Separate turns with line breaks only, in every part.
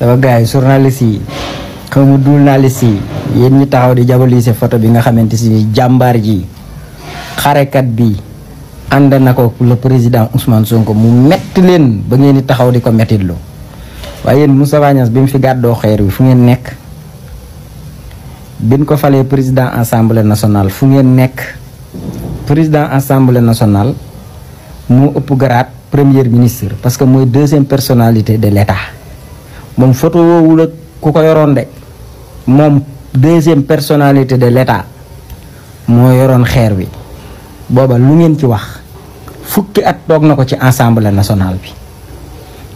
sama gaay journaliste yi xamu journaliste yi yeen ñi taxaw di jabalise photo bi nga xamanteni jambar ji xarekat bi and nako le président Ousmane Sonko mu mett leen ba ngeen di taxaw di ko mettitlu waaye yéen Moussa Wagnas mu fi gàddoo xeer wi fu ngeen nekk bin ko falee président assemblée nationale fu ngeen nekk président assemblée nationale moo ëpp premier ministre parce que mooy deuxième personnalité de l' moom photo woowul ak ku ko yoroon de moom deuxième personnalité de l'État moo yoroon xeer bi booba lu ngeen ci wax fukki at toog na ko ci assemblée nationale bi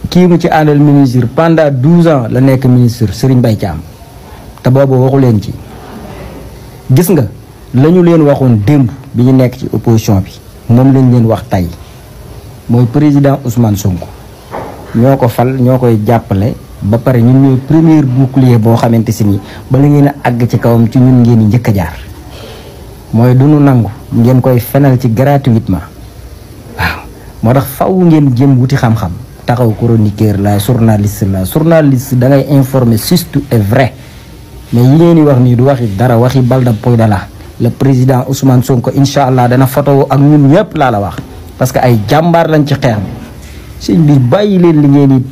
kii mu ci àndal ministre pendant douze ans la nekk ministre Serigne Mbaye Thiam te booba waxu leen ci gis nga lañu leen waxoon démb bi ñu nekk ci opposition bi moom lañ leen wax tey mooy président Ousmane Sonko ñoo ko fal ñoo koy jàppale ba pare ñun ñooy premier bouclier boo xamante si ni bala ngeen a àgg ci kawam ci ñun ngeen njëkk jaar mooy duñu nangu ngeen koy fenal ci gratuitement waaw moo tax faw ngeen jëm wuti xam-xam taxaw chroniqueur la journaliste la journaliste da ngay informer juste et vrai mais yi ngeen di wax ni du waxi dara waxi balda poy dala le président Ousmane Sonko insha allah dana photo ak ñun ñëpp laa la wax parce que ay jàmbaar lañ ci xeex bi bi bàyyi leen li ngeen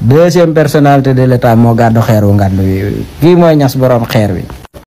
deuxième personnalité de l' état moo gàddu xeer wu ngànd wi kii mooy ñas borom xeer wi